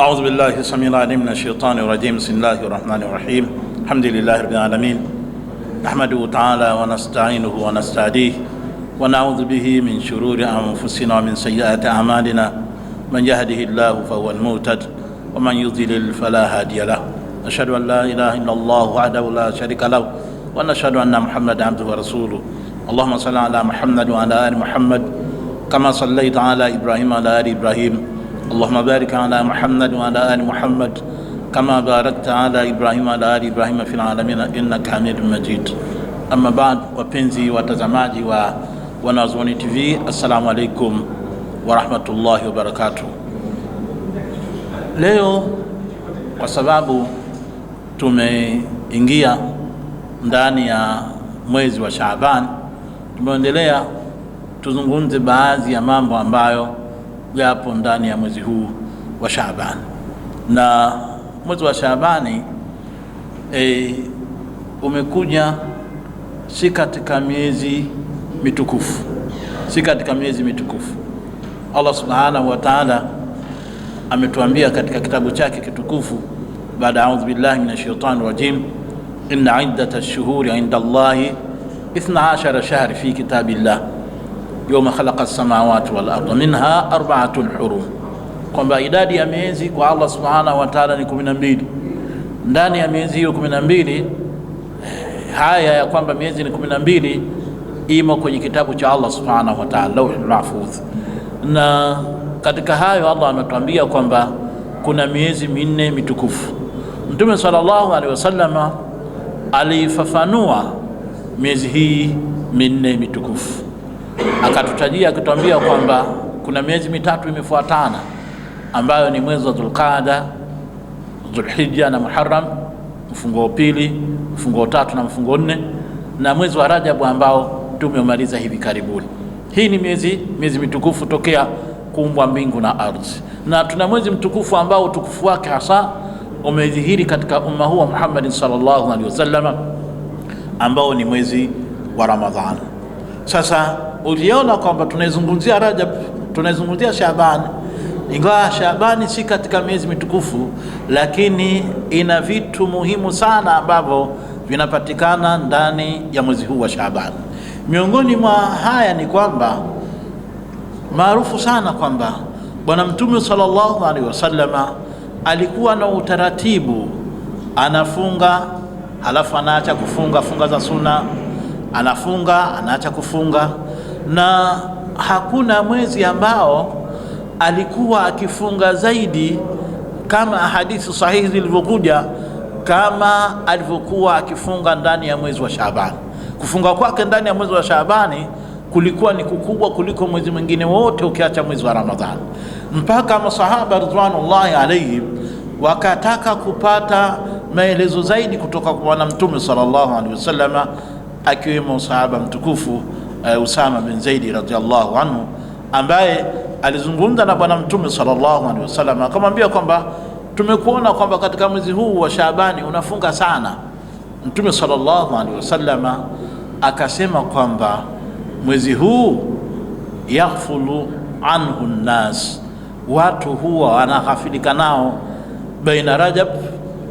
أعوذ بالله السميع العليم من الشيطان الرجيم بسم الله الرحمن الرحيم الحمد لله رب العالمين نحمده تعالى ونستعينه ونستهديه ونعوذ به من شرور أنفسنا ومن سيئات أعمالنا من يهده الله فهو المهتد ومن يضلل فلا هادي له أشهد أن لا إله إلا الله وحده لا شريك له ونشهد أن محمد عبده ورسوله اللهم صل على محمد وعلى آل محمد كما صليت على إبراهيم وعلى آل إبراهيم اللهم barik ala محمد وعلى آل ali كما kama barakta إبراهيم وعلى آل إبراهيم في العالمين إنك حميد مجيد أما Majid. وبنزي وتزماجي wapenzi watazamaji wa Wanazuoni TV, assalamu alaikum wa rahmatullahi Leo kwa sababu tumeingia ndani ya mwezi wa Shaaban, tumeendelea tuzungumze baadhi ya mambo ambayo yapo ndani ya mwezi huu wa Shaaban, na mwezi wa Shaabani e, umekuja si katika miezi mitukufu, si katika miezi mitukufu. Allah subhanahu wa taala ametuambia katika kitabu chake kitukufu baada ya audhu billahi min shaitani rajim, inna iddata lshuhuri inda Allahi 12 shahri fi kitabillah yawma khalaqa samawati wal arda minha arba'atun hurum, kwamba idadi ya miezi kwa Allah subhanahu wa ta'ala ni 12. Ndani ya miezi hiyo 12 haya ya kwamba miezi ni 12 imo kwenye kitabu cha Allah subhanahu wa ta'ala lauhul mahfudh, na katika hayo Allah anatuambia kwamba kuna miezi minne mitukufu. Mtume sallallahu alaihi wasallama alifafanua miezi hii minne mitukufu akatutajia akituambia kwamba kuna miezi mitatu imefuatana ambayo ni mwezi wa Dhulqaada, Dhulhijja na Muharram, mfungo pili, mfungo tatu na mfungo nne, na mwezi wa Rajabu ambao tumeumaliza hivi karibuni. Hii ni miezi miezi mitukufu tokea kuumbwa mbingu na ardhi, na tuna mwezi mtukufu ambao utukufu wake hasa umedhihiri katika umma huu wa Muhammad sallallahu alaihi wasallam, ambao ni mwezi wa Ramadhani. Sasa uliona kwamba tunaizungumzia Rajab, tunaizungumzia Shaaban, ingawa shabani si katika miezi mitukufu, lakini ina vitu muhimu sana ambavyo vinapatikana ndani ya mwezi huu wa Shaaban. Miongoni mwa haya ni kwamba maarufu sana kwamba Bwana Mtume sallallahu alaihi wasallama alikuwa na utaratibu, anafunga halafu anaacha kufunga funga za suna, anafunga anaacha kufunga na hakuna mwezi ambao alikuwa akifunga zaidi kama hadithi sahihi zilivyokuja kama alivyokuwa akifunga ndani ya mwezi wa Shaabani. Kufunga kwake ndani ya mwezi wa Shaabani kulikuwa ni kukubwa kuliko mwezi mwingine wote ukiacha mwezi wa Ramadhani, mpaka masahaba ridwanullahi alaihim wakataka kupata maelezo zaidi kutoka kwa Bwana Mtume sallallahu alaihi wasallam, akiwemo sahaba mtukufu uh, Usama bin Zaidi radhiallahu anhu ambaye alizungumza na Bwana Mtume sallallahu alaihi wasallam akamwambia kwamba tumekuona kwamba katika mwezi huu wa Shaabani unafunga sana. Mtume sallallahu alaihi wasallam akasema kwamba mwezi huu yaghfulu anhu nnas, watu huwa wanaghafilika nao, baina Rajab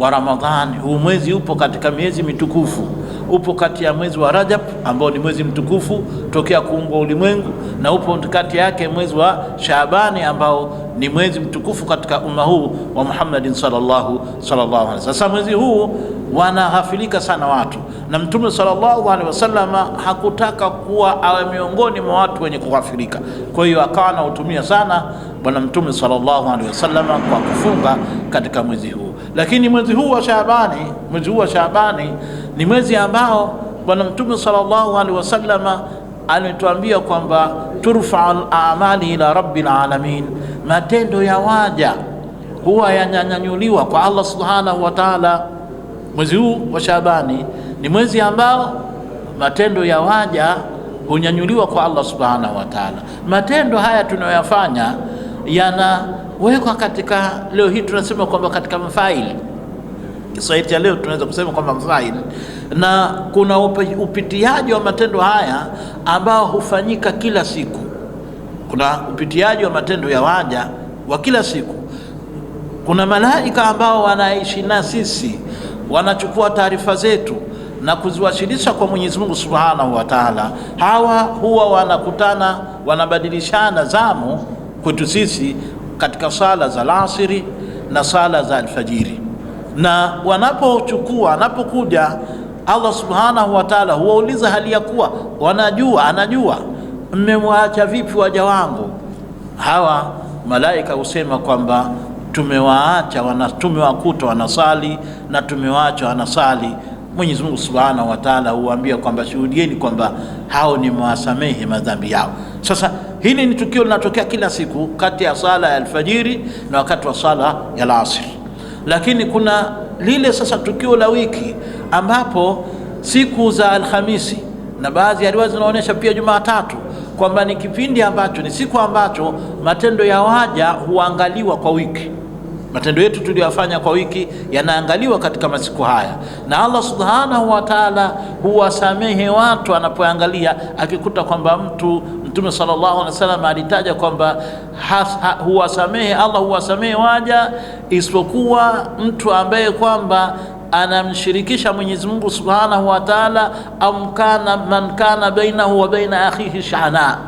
wa Ramadhani. Huu mwezi upo katika miezi mitukufu upo kati ya mwezi wa Rajab ambao ni mwezi mtukufu tokea kuumbwa ulimwengu, na upo kati yake mwezi wa Shaabani ambao ni mwezi mtukufu katika umma huu wa Muhammadin sallallahu sallallahu alaihi wasallam. Sasa mwezi huu wanahafilika sana watu, na Mtume sallallahu alaihi wasallam hakutaka kuwa awe miongoni mwa watu wenye kughafilika. Kwa hiyo akawa anautumia sana Bwana Mtume sallallahu alaihi wasallam kwa kufunga katika mwezi huu, lakini mwezi huu wa Shaabani, mwezi huu wa Shaabani ni mwezi ambao Bwana Mtume sallallahu alaihi wasallama alituambia kwamba turfau amali ila rabbil alamin, matendo ya waja huwa yananyanyuliwa kwa Allah subhanahu wa taala. Mwezi huu wa Shabani ni mwezi ambao matendo ya waja hunyanyuliwa kwa Allah subhanahu wa taala. Matendo haya tunayoyafanya yanawekwa katika, leo hii tunasema kwamba katika mafaili Kiswahili cha leo tunaweza kusema kwamba mfail, na kuna upitiaji wa matendo haya ambao hufanyika kila siku. Kuna upitiaji wa matendo ya waja wa kila siku. Kuna malaika ambao wanaishi na sisi, wanachukua taarifa zetu na kuziwasilisha kwa Mwenyezi Mungu Subhanahu wa Ta'ala. Hawa huwa wanakutana, wanabadilishana zamu kwetu sisi katika sala za lasiri na sala za alfajiri na wanapochukua wanapokuja, Allah subhanahu wa taala huwauliza hali ya kuwa wanajua, anajua mmemwaacha vipi waja wangu hawa. Malaika husema kwamba tumewaacha wana, tumewakuta wanasali na tumewaacha wanasali. Mwenyezi Mungu subhanahu wa taala huwaambia kwamba shuhudieni kwamba hao nimewasamehe madhambi yao. Sasa hili ni tukio linatokea kila siku kati ya sala ya alfajiri na wakati wa sala ya alasiri. Lakini kuna lile sasa tukio la wiki ambapo siku za Alhamisi na baadhi ya riwaya zinaonyesha pia Jumatatu kwamba ni kipindi ambacho ni siku ambacho matendo ya waja huangaliwa kwa wiki. Matendo yetu tuliyofanya kwa wiki yanaangaliwa katika masiku haya, na Allah subhanahu wa taala huwasamehe watu anapoangalia akikuta kwamba mtu Mtume sallallahu alaihi wasallam alitaja kwamba ha, huwasamehe Allah huwasamehe waja isipokuwa mtu ambaye kwamba anamshirikisha Mwenyezi Mungu subhanahu wa taala, amkana man kana bainahu wa baina akhihi shana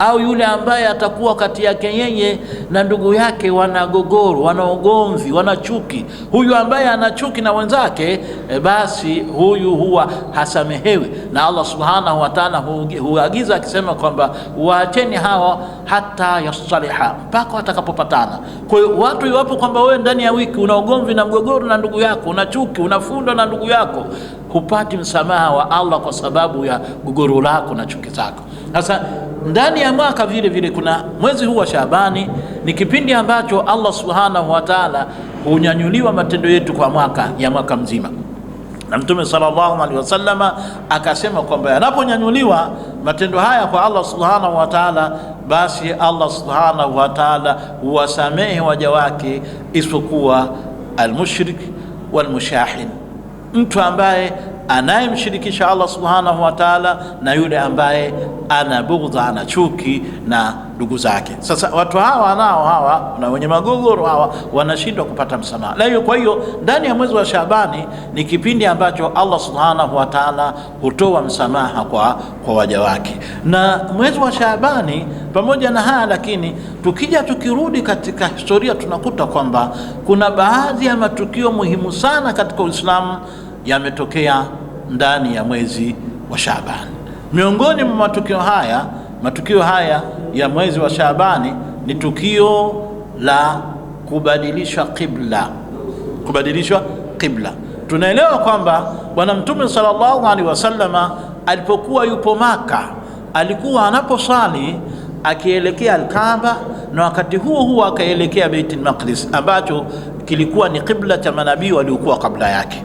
au yule ambaye atakuwa kati yake yeye na ndugu yake wana gogoro, wana ugomvi, wana chuki, huyu ambaye ana chuki na wenzake e, basi huyu huwa hasamehewi na Allah subhanahu wa ta'ala huagiza akisema kwamba waacheni hawa hata yasaliha, mpaka watakapopatana. Kwa hiyo watu, iwapo kwamba wewe ndani ya wiki una ugomvi na mgogoro na ndugu yako, una chuki, unafunda na ndugu yako, hupati msamaha wa Allah kwa sababu ya gogoro lako na chuki zako. Sasa ndani ya mwaka vile vile kuna mwezi huu wa Shabani, ni kipindi ambacho Allah subhanahu wa taala hunyanyuliwa matendo yetu kwa mwaka ya mwaka mzima, na Mtume sallallahu alaihi wasallama akasema kwamba yanaponyanyuliwa matendo haya kwa Allah subhanahu wa taala, basi Allah subhanahu wa taala huwasamehe waja wake isipokuwa almushrik walmushahin, mtu ambaye anayemshirikisha Allah subhanahu wa taala na yule ambaye ana bughdha, ana chuki na ndugu zake. Sasa watu hawa nao hawa na wenye magogoro hawa wanashindwa kupata msamaha. hiyo kwa hiyo ndani ya mwezi wa Shabani ni kipindi ambacho Allah subhanahu wa taala hutoa msamaha kwa, kwa waja wake, na mwezi wa Shabani pamoja na haya lakini, tukija tukirudi katika historia tunakuta kwamba kuna baadhi ya matukio muhimu sana katika Uislamu yametokea ndani ya mwezi wa Shaabani. Miongoni mwa matukio haya, matukio haya ya mwezi wa Shaabani ni tukio la kubadilishwa qibla, kubadilishwa kibla. Tunaelewa kwamba Bwana Mtume sallallahu alaihi wasallam alipokuwa yupo Maka, alikuwa anaposali akielekea Alkaaba na wakati huo huo akaelekea Baitul Maqdis ambacho kilikuwa ni kibla cha manabii waliokuwa kabla yake.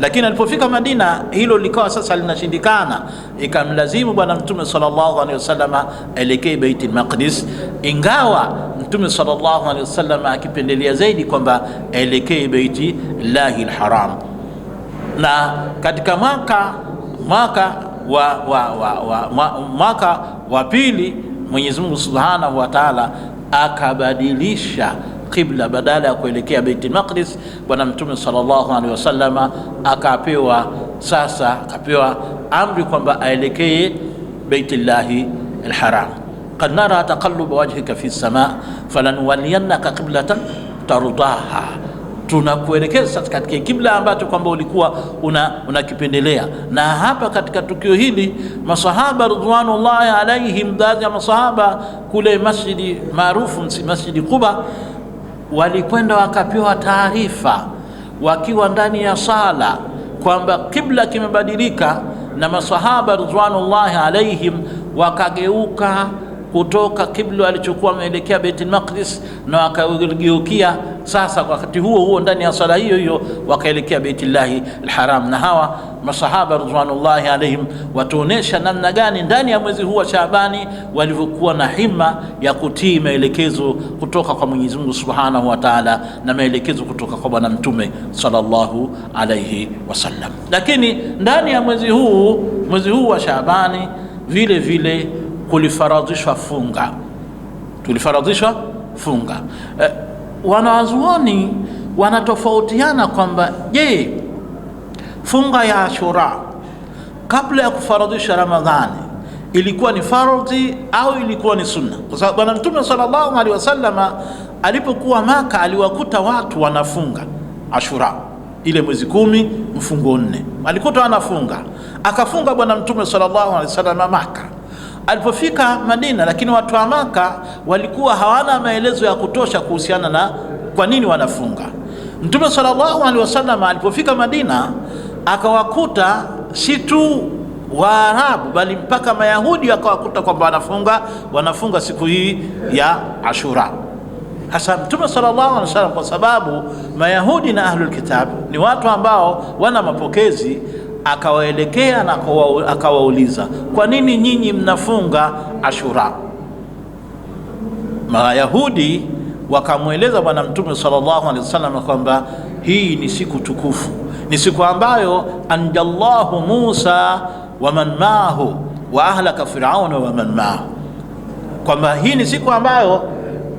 Lakini alipofika Madina hilo likawa sasa linashindikana, ikamlazimu Bwana Mtume sallallahu alaihi wasallam elekee Baitul Maqdis, ingawa Mtume sallallahu alaihi wasallam akipendelea zaidi kwamba elekee Baiti llahi lharam Na katika mwaka mwaka wa, wa, wa, wa, mwaka wa pili Mwenyezi Mungu Subhanahu wa Ta'ala akabadilisha qibla badala ya kuelekea Baitul Maqdis. Bwana Mtume sallallahu alaihi wasallama akapewa sasa, akapewa amri kwamba aelekee Baitullahi lharam Qad nara taqalluba wajhika fi samaa falanuwalliyannaka qiblatan tardaha, tunakuelekeza katika kibla ambacho kwamba ulikuwa unakipendelea. Una na hapa katika tukio hili masahaba ridwanullahi alaihim, baadhi ya masahaba kule masjidi maarufu Masjidi Quba walikwenda wakapewa taarifa wakiwa ndani ya sala kwamba kibla kimebadilika, na masahaba ridwanullahi alaihim wakageuka kutoka kibla alichokuwa ameelekea Baitul Maqdis na wakageukia sasa, wakati huo huo ndani ya sala hiyo hiyo wakaelekea Baitullahi Alharam. Na hawa masahaba ridwanullahi alaihim watuonesha namna gani ndani ya mwezi huu wa Shaabani walivyokuwa na hima ya kutii maelekezo kutoka kwa Mwenyezi Mungu Subhanahu wa Ta'ala na maelekezo kutoka kwa Bwana Mtume sallallahu alaihi wasallam. Lakini ndani ya mwezi huu mwezi huu wa Shaabani vile vile kulifaradhishwa funga, tulifaradhishwa funga. E, eh, wanawazuoni wanatofautiana kwamba je, funga ya Ashura kabla ya kufaradhisha Ramadhani ilikuwa ni faradhi au ilikuwa ni sunna? Kwa sababu Bwana Mtume sallallahu alaihi wasallama alipokuwa Maka aliwakuta watu wanafunga Ashura ile mwezi kumi mfungo nne, alikuta wanafunga, akafunga Bwana Mtume sallallahu alaihi wasallama Maka alipofika Madina, lakini watu wa Maka walikuwa hawana maelezo ya kutosha kuhusiana na kwa nini wanafunga. Mtume sallallahu alaihi wasallam alipofika Madina akawakuta si tu Waarabu bali mpaka Mayahudi wakawakuta kwamba wanafunga wanafunga siku hii ya Ashura. Hasa Mtume sallallahu alaihi wasallam, kwa sababu Mayahudi na Ahlul Kitab ni watu ambao wana mapokezi akawaelekea na akawauliza, kwa nini nyinyi mnafunga Ashura? Mayahudi wakamweleza Bwana Mtume sallallahu alaihi wasallam kwamba hii ni siku tukufu, ni siku ambayo anjallahu Musa wa man maahu wa ahlaka Firauna wa man maahu, kwamba hii ni siku ambayo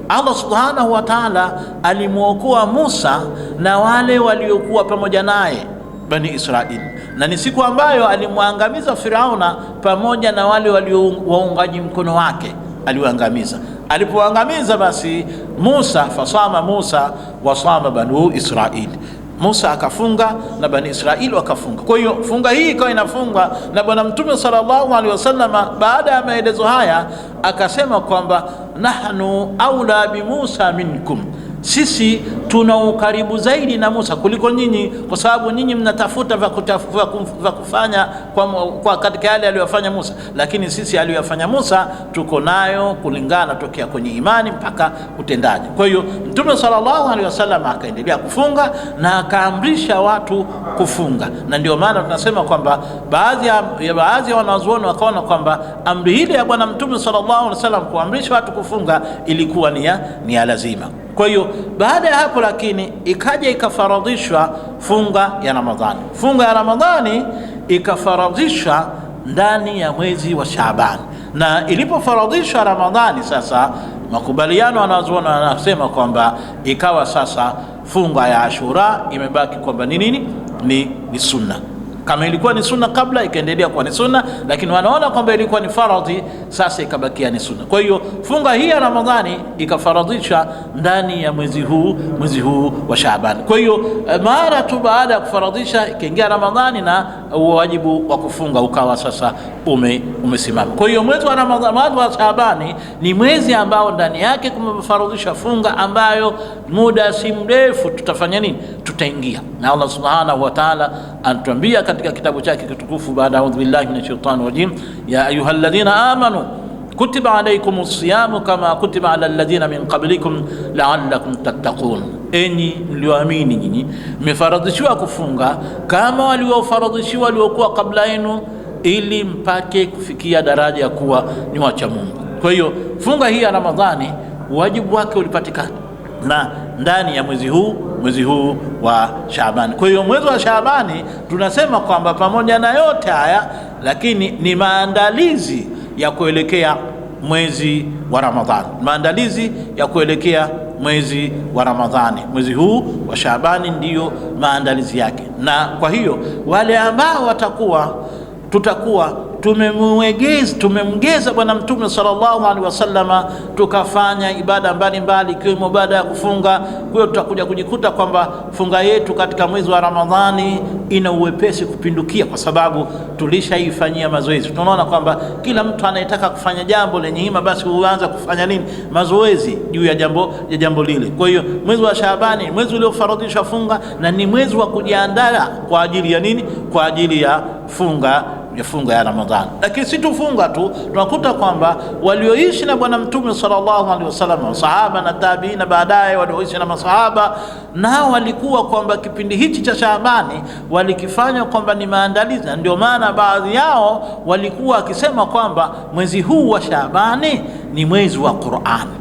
Allah subhanahu wa taala alimwokoa Musa na wale waliokuwa pamoja naye, Bani Israili na ni siku ambayo alimwangamiza Firauna pamoja na wale waliowaungaji mkono wake, aliwaangamiza. Alipoangamiza basi Musa, fasama Musa wasama banu Israili, Musa akafunga na bani Israili wakafunga. Kwa hiyo funga hii ikawa inafungwa na Bwana Mtume sallallahu alaihi wasallam. Baada ya maelezo haya akasema kwamba nahnu aula bi Musa minkum, sisi tuna ukaribu zaidi na Musa kuliko nyinyi, kwa sababu nyinyi mnatafuta vya kufanya kwa, kwa katika yale aliyofanya Musa, lakini sisi aliyofanya Musa tuko nayo kulingana tokea kwenye imani mpaka utendaji. Kwa hiyo Mtume sallallahu alaihi wasallam akaendelea kufunga na akaamrisha watu kufunga, na ndio maana tunasema kwamba baadhi ya baadhi ya wanazuoni wakaona kwamba amri ile ya Bwana Mtume sallallahu alaihi wasallam kuamrisha watu kufunga ilikuwa ni ya lazima. Kwa hiyo baada ya hapo lakini ikaja ikafaradhishwa funga ya Ramadhani. Funga ya Ramadhani ikafaradhishwa ndani ya mwezi wa Shaabani, na ilipofaradhishwa Ramadhani sasa makubaliano wanazoona wanasema kwamba ikawa sasa funga ya Ashura imebaki kwamba ni nini? Ni, ni sunna. Kama ilikuwa ni sunna kabla, ikaendelea kuwa ni sunna, lakini wanaona kwamba ilikuwa ni faradhi, sasa ikabakia ni sunna. Kwa hiyo funga hii ya Ramadhani ikafaradhisha ndani ya mwezi huu, mwezi huu wa Shaaban. Kwa hiyo eh, mara tu baada ya kufaradhisha ikaingia Ramadhani na uh, wajibu wa kufunga ukawa sasa ume, umesimama. Kwa hiyo mwezi wa Ramadhani wa Shaabani ni mwezi ambao ndani yake kumefaradhisha funga ambayo muda si mrefu tutafanya nini? Tutaingia, na Allah subhanahu wa ta'ala anatuambia katika kitabu chake kitukufu baada audhu billahi min shaitani rajim ya ayuha ladhina amanu kutiba alaikum siyamu kama kutiba ala ladhina min qablikum laalakum tattaqun, enyi mlioamini nyinyi mmefaradhishiwa kufunga kama waliofaradhishiwa waliokuwa kabla yenu, ili mpake kufikia daraja ya kuwa ni wacha Mungu. Kwa hiyo funga hii ya Ramadhani wajibu wake ulipatikana na ndani ya mwezi huu mwezi huu wa Shaabani. Kwa hiyo mwezi wa Shaabani tunasema kwamba pamoja na yote haya, lakini ni maandalizi ya kuelekea mwezi wa Ramadhani, maandalizi ya kuelekea mwezi wa Ramadhani. Mwezi huu wa Shaabani ndiyo maandalizi yake, na kwa hiyo wale ambao watakuwa tutakuwa tumemgeza Bwana Mtume sallallahu alaihi wasallama, tukafanya ibada mbalimbali ikiwemo ibada ya kufunga. Kwa hiyo tutakuja kujikuta kwamba funga yetu katika mwezi wa Ramadhani ina uwepesi kupindukia, kwa sababu tulishaifanyia mazoezi. Tunaona kwamba kila mtu anayetaka kufanya jambo lenye hima, basi huanza kufanya nini? Mazoezi juu ya jambo, ya jambo lile. Kwa hiyo mwezi wa Shaabani mwezi uliofaradhishwa funga na ni mwezi wa kujiandaa kwa ajili ya nini? Kwa ajili ya funga funga ya Ramadhani. Lakini si tufunga tu, tunakuta kwamba walioishi na Bwana Mtume sallallahu alaihi wasallam, sahaba na tabiina baadaye walioishi na masahaba, nao walikuwa kwamba kipindi hichi cha Shaabani walikifanya kwamba ni maandalizi, na ndio maana baadhi yao walikuwa akisema kwamba mwezi huu wa Shaabani ni mwezi wa Qur'ani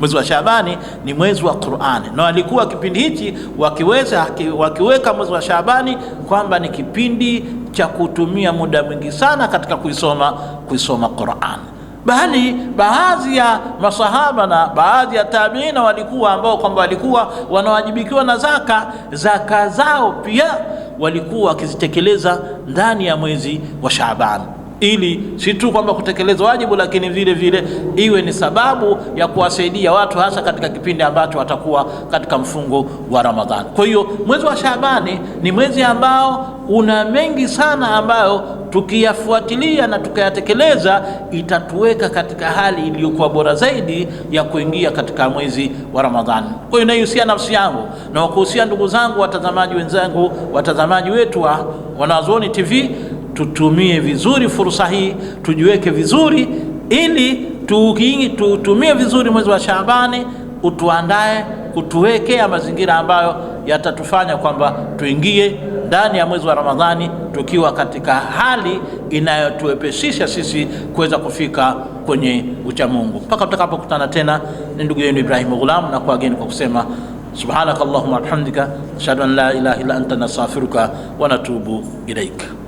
mwezi wa Shabani ni mwezi wa Qur'ani, na walikuwa kipindi hichi wakiweza, wakiweka mwezi wa shaabani kwamba ni kipindi cha kutumia muda mwingi sana katika kuisoma kuisoma Qur'an, bali baadhi ya masahaba na baadhi ya tabiina walikuwa ambao kwamba walikuwa wanawajibikiwa na zaka, zaka zao pia walikuwa wakizitekeleza ndani ya mwezi wa Shaaban ili si tu kwamba kutekeleza wajibu, lakini vile vile iwe ni sababu ya kuwasaidia watu, hasa katika kipindi ambacho watakuwa katika mfungo wa Ramadhani. Kwa hiyo mwezi wa Shabani ni mwezi ambao una mengi sana ambayo tukiyafuatilia na tukayatekeleza itatuweka katika hali iliyokuwa bora zaidi ya kuingia katika mwezi wa Ramadhani. Kwa hiyo inayohusia nafsi yangu na wakuhusia ndugu zangu, watazamaji wenzangu, watazamaji wetu wa Wanazuoni TV tutumie vizuri fursa hii, tujiweke vizuri ili tuutumie vizuri mwezi wa Shaabani, utuandae kutuwekea mazingira ambayo yatatufanya kwamba tuingie ndani ya mwezi wa Ramadhani tukiwa katika hali inayotuepesisha sisi kuweza kufika kwenye ucha Mungu. Mpaka tutakapokutana tena, ni ndugu yenu Ibrahim Ghulam na kuageni kwa kusema subhanaka allahumma bihamdika ashhadu an la ilaha illa anta nastaghfiruka wa natubu ilaika.